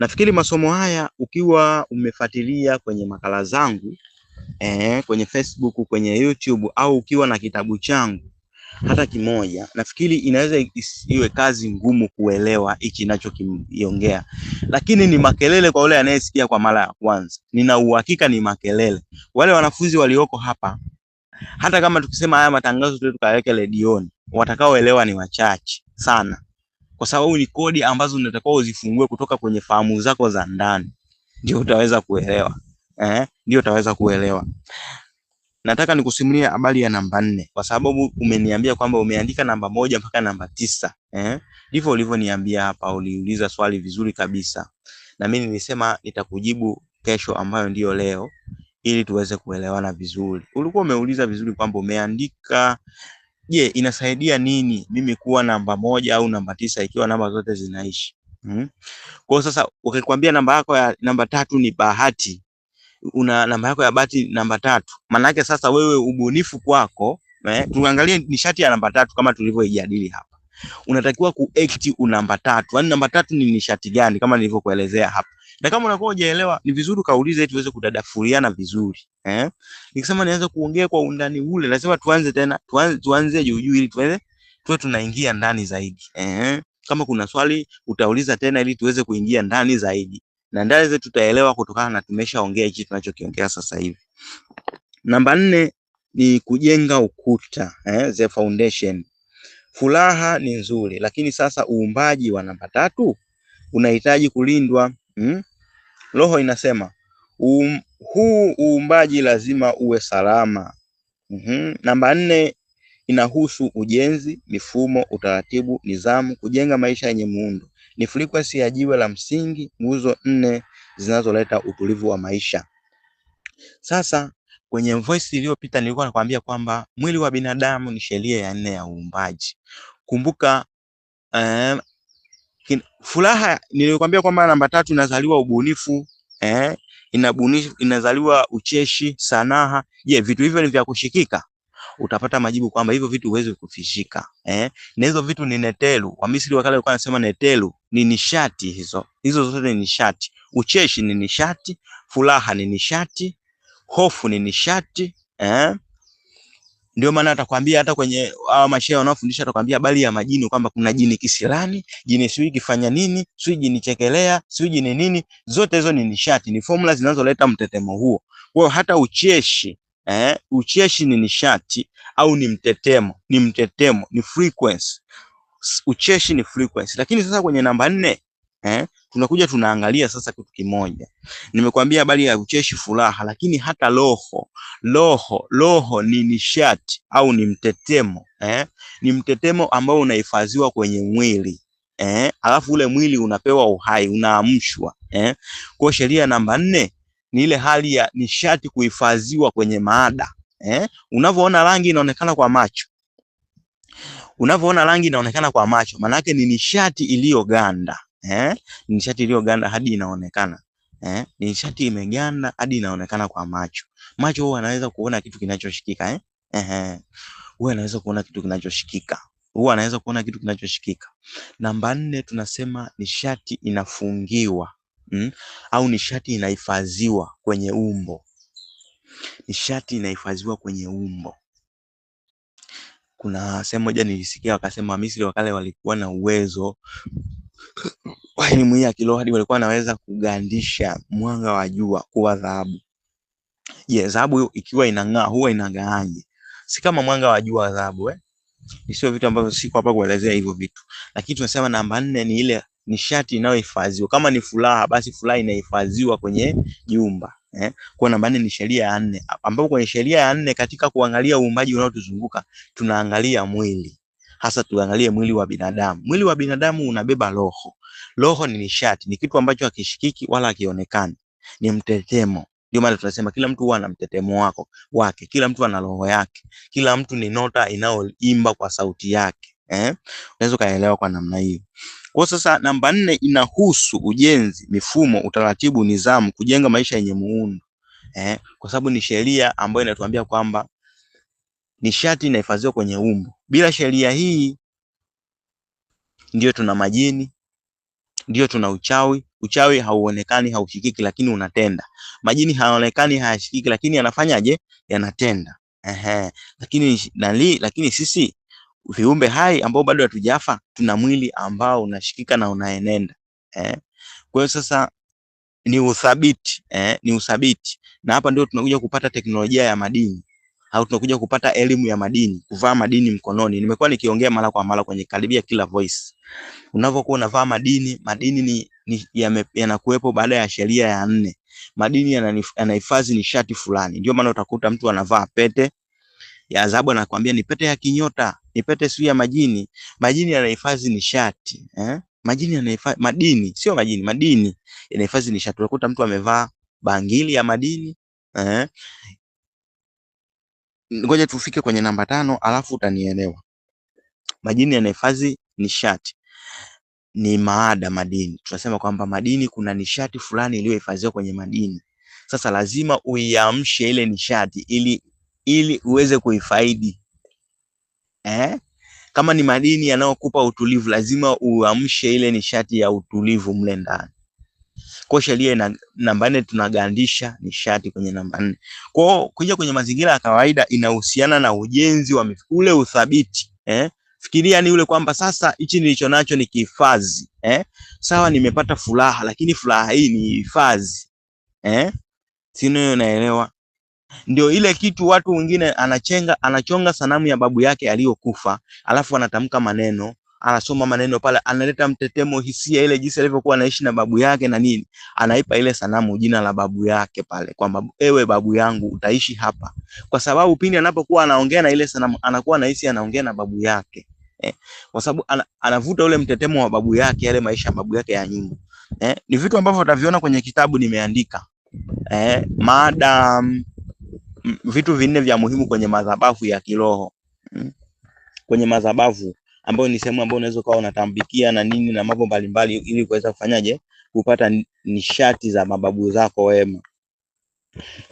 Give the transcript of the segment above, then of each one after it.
Nafikiri masomo haya ukiwa umefuatilia kwenye makala zangu eh, kwenye Facebook, kwenye YouTube au ukiwa na kitabu changu hata kimoja, nafikiri inaweza iwe kazi ngumu kuelewa hichi ninachokiongea, lakini ni makelele kwa yule anayesikia kwa mara ya kwanza. Nina uhakika ni makelele. Wale wanafunzi walioko hapa, hata kama tukisema haya matangazo tu tukaweke redioni, watakaoelewa ni wachache sana kwa sababu ni kodi ambazo unatakiwa uzifungue kutoka kwenye fahamu zako za ndani, ndio utaweza kuelewa eh, ndio utaweza kuelewa. Nataka nikusimulie habari ya namba nne, kwa sababu umeniambia kwamba umeandika namba moja mpaka namba tisa eh, ndivyo ulivyoniambia hapa. Uliuliza swali vizuri kabisa, na mimi nilisema nitakujibu kesho, ambayo ndiyo leo, ili tuweze kuelewana vizuri. Ulikuwa umeuliza vizuri kwamba umeandika je, inasaidia nini mimi kuwa namba moja au namba tisa ikiwa namba zote zinaishi? Hmm? Kwa sasa ukikwambia namba yako ya namba tatu ni bahati, una namba yako ya bahati namba tatu, maanake sasa wewe ubunifu kwako eh, tuangalie nishati ya namba tatu kama tulivyoijadili hapa unatakiwa kuact namba tatu. Yani namba tatu ni nishati gani, kama nilivyokuelezea hapa, na kama unakuwa hujaelewa ni vizuri kaulize, ili tuweze kudadafuriana vizuri eh. Nikisema nianze kuongea kwa undani ule, lazima tuanze tena, tuanze tuanze juu juu, ili tuweze tuwe tunaingia ndani zaidi eh. Kama kuna swali utauliza tena, ili tuweze kuingia ndani zaidi, na ndani zetu tutaelewa kutokana na tumeshaongea hichi tunachokiongea sasa hivi. Namba nne ni kujenga ukuta eh, the foundation Furaha ni nzuri, lakini sasa uumbaji wa namba tatu unahitaji kulindwa. Hmm? Roho inasema um, huu uumbaji lazima uwe salama. Mm -hmm. Namba nne inahusu ujenzi, mifumo, utaratibu, nidhamu, kujenga maisha yenye muundo. Ni frequency ya jiwe la msingi, nguzo nne zinazoleta utulivu wa maisha. Sasa Kwenye voice iliyopita nilikuwa nakwambia kwamba mwili wa binadamu ni sheria ya nne ya uumbaji. Kumbuka eh, kin, furaha nilikwambia kwamba namba tatu inazaliwa ubunifu eh, inabunifu, inazaliwa ucheshi, sanaha. Je, yeah, vitu hivyo ni vya kushikika? Utapata majibu kwamba hivyo vitu huwezi kufishika eh, na hizo vitu ni netelu. Wamisri wakale walikuwa wanasema netelu ni nishati, hizo hizo zote ni nishati. Ucheshi ni nishati, furaha ni nishati hofu ni nishati eh? Ndio maana atakwambia hata kwenye hao mashehe wanaofundisha atakwambia habari ya majini kwamba kuna jini kisilani, jini sijui kifanya nini, sijui jini chekelea, sijui jini nini. Zote hizo ni nishati, ni formula zinazoleta mtetemo huo. Kwa hiyo hata ucheshi eh, ucheshi ni nishati au ni mtetemo, ni mtetemo, ni frequency. Ucheshi ni frequency. Lakini sasa kwenye namba nne eh, tunakuja tunaangalia sasa kitu kimoja. Nimekwambia habari ya ucheshi furaha, lakini hata roho roho roho ni nishati au ni mtetemo eh? Ni mtetemo ambao unahifadhiwa kwenye mwili eh? Alafu ule mwili unapewa uhai, unaamshwa eh? Kwa sheria namba nne ni ile hali ya nishati kuhifadhiwa kwenye maada eh? Unavyoona rangi inaonekana kwa macho unavyoona rangi inaonekana kwa macho, maanake ni nishati iliyoganda eh, ni nishati iliyoganda hadi inaonekana eh, ni nishati imeganda hadi inaonekana kwa macho. Macho huwa anaweza kuona kitu kinachoshikika eh, ehe, huwa anaweza kuona kitu kinachoshikika huwa anaweza kuona kitu kinachoshikika. Namba nne tunasema nishati inafungiwa mm, au nishati inahifadhiwa kwenye umbo. Nishati inahifadhiwa kwenye umbo. Kuna sehemu moja nilisikia wakasema Misri wakale walikuwa na uwezo kwa elimu hii ya kiroho hadi walikuwa wanaweza kugandisha mwanga wa jua kuwa dhahabu. Je, dhahabu ikiwa inang'aa huwa inang'aaje? Si kama mwanga wa jua dhahabu eh? Sio vitu ambavyo siko hapa kuelezea hivyo vitu, lakini tunasema namba nne ni ile nishati inayohifadhiwa. Kama ni furaha, basi furaha inahifadhiwa kwenye jumba eh? Kwa namba nne ni sheria ya nne, ambapo kwenye sheria ya nne katika kuangalia uumbaji unaotuzunguka tunaangalia mwili hasa tuangalie mwili wa binadamu. Mwili wa binadamu unabeba roho. Roho ni nishati, ni kitu ambacho hakishikiki wala hakionekani, ni mtetemo. Ndio maana tunasema kila mtu huwa na mtetemo wako wake, kila mtu ana roho yake, kila mtu ni nota inayoimba kwa sauti yake. Eh, unaweza ukaelewa kwa namna hiyo. Kwa sasa, namba nne inahusu ujenzi, mifumo, utaratibu, nidhamu, kujenga maisha yenye muundo eh, kwa sababu ni sheria ambayo inatuambia kwamba nishati inahifadhiwa kwenye umbo bila sheria hii, ndio tuna majini, ndio tuna uchawi. Uchawi hauonekani, haushikiki, lakini unatenda. Majini haonekani, hayashikiki, lakini yanafanyaje? Yanatenda. Ehe. Lakini nali, lakini sisi viumbe hai ambao bado hatujafa tuna mwili ambao unashikika na unaenenda. Eh. Kwa hiyo sasa ni uthabiti eh, ni uthabiti, na hapa ndio tunakuja kupata teknolojia ya madini au tunakuja kupata elimu ya madini, kuvaa madini mkononi. Nimekuwa nikiongea mara kwa mara kwenye karibia kila voice. unavyokuwa unavaa madini, madini ni, ni yanakuwepo ya baada ya sheria ya nne. Madini yanahifadhi nishati fulani, ndio maana utakuta mtu anavaa pete ya adhabu, anakuambia ni pete ya kinyota, ni pete sio ya majini. Majini yanahifadhi nishati eh? Majini yanahifadhi madini, sio majini, madini yanahifadhi nishati. Utakuta mtu amevaa bangili ya madini eh? ngoja tufike kwenye namba tano, alafu utanielewa. Madini yanahifadhi nishati ni maada madini. Tunasema kwamba madini, kuna nishati fulani iliyohifadhiwa kwenye madini. Sasa lazima uiamshe ile nishati ili ili uweze kuifaidi eh? Kama ni madini yanayokupa utulivu, lazima uamshe ile nishati ya utulivu mle ndani. Kwa sheria ina namba nne, tunagandisha nishati kwenye namba nne. Kwa hiyo kuja kwenye mazingira ya kawaida inahusiana na ujenzi wa ule uthabiti eh? Fikiria ni ule kwamba sasa hichi nilicho nacho ni kihifadhi eh? Sawa, nimepata furaha, lakini furaha hii ni hifadhi eh? Sino, unaelewa? Ndio ile kitu watu wengine anachenga anachonga sanamu ya babu yake aliyokufa, alafu anatamka maneno anasoma maneno pale, analeta mtetemo, hisia ile jinsi alivyokuwa anaishi na babu yake na nini, anaipa ile sanamu jina la babu yake pale, kwamba ewe babu yangu utaishi hapa, kwa sababu pindi anapokuwa anaongea na ile sanamu anakuwa anahisi anaongea na babu yake eh, kwa sababu ana, anavuta ule mtetemo wa babu yake, yale maisha ya babu yake ya nyumba eh. Ni vitu ambavyo utaviona kwenye kitabu nimeandika eh, mada mm, vitu vinne vya muhimu kwenye madhabahu ya kiroho, mm. kwenye madhabahu ambayo ni sehemu ambayo unaweza kuwa unatambikia na nini na mambo mbalimbali, ili kuweza kufanyaje kupata nishati za mababu zako wema.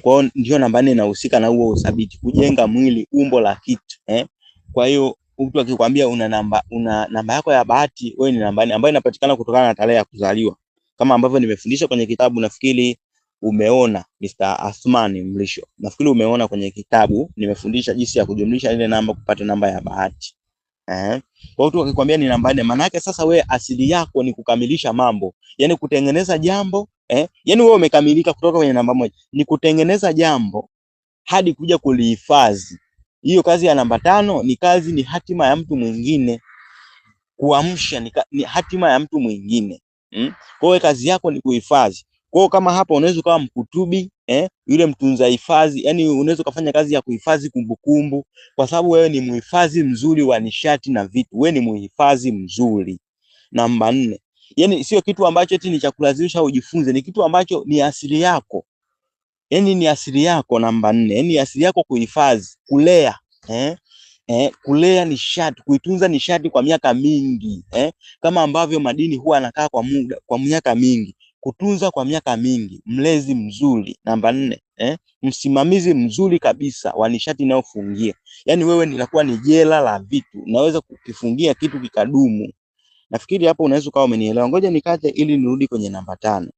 Kwa hiyo ndio namba nne inahusika na huo uthabiti, kujenga mwili, umbo la kitu eh. Kwa hiyo mtu akikwambia una namba una namba yako ya bahati, wewe ni namba nne ambayo inapatikana kutokana na tarehe ya kuzaliwa, kama ambavyo nimefundisha kwenye kitabu. Nafikiri umeona Mr. Athmani Mlisho, nafikiri umeona kwenye kitabu nimefundisha jinsi ya kujumlisha ile namba kupata namba ya bahati. Eh, kwa hiyo ukikwambia ni namba nne, maana yake sasa we asili yako ni kukamilisha mambo, Yaani kutengeneza jambo eh, Yaani wewe umekamilika kutoka kwenye namba moja, ni kutengeneza jambo hadi kuja kulihifadhi. Hiyo kazi ya namba tano ni kazi, ni hatima ya mtu mwingine kuamsha, ni, ni hatima ya mtu mwingine hmm? Kwa hiyo kazi yako ni kuhifadhi. Kwa hiyo kama hapa unaweza ukawa mkutubi eh, yule mtunza hifadhi. Yani unaweza ukafanya kazi ya kuhifadhi kumbukumbu, kwa sababu wewe ni muhifadhi mzuri wa nishati na vitu, wewe ni muhifadhi mzuri. Namba nne, yani sio kitu ambacho eti ni cha kulazimisha ujifunze, ni kitu ambacho ni asili yako, yani ni asili yako. Namba nne, yani asili yako kuhifadhi, kulea eh? Eh, kulea nishati, kuitunza nishati kwa miaka mingi eh? Kama ambavyo madini huwa anakaa kwa muda, kwa miaka mingi kutunza kwa miaka mingi, mlezi mzuri. Namba nne, eh, msimamizi mzuri kabisa wa nishati inayofungia. Yaani wewe ninakuwa ni jela la vitu, naweza kukifungia kitu kikadumu. Nafikiri hapo unaweza ukawa umenielewa. Ngoja nikate ili nirudi kwenye namba tano.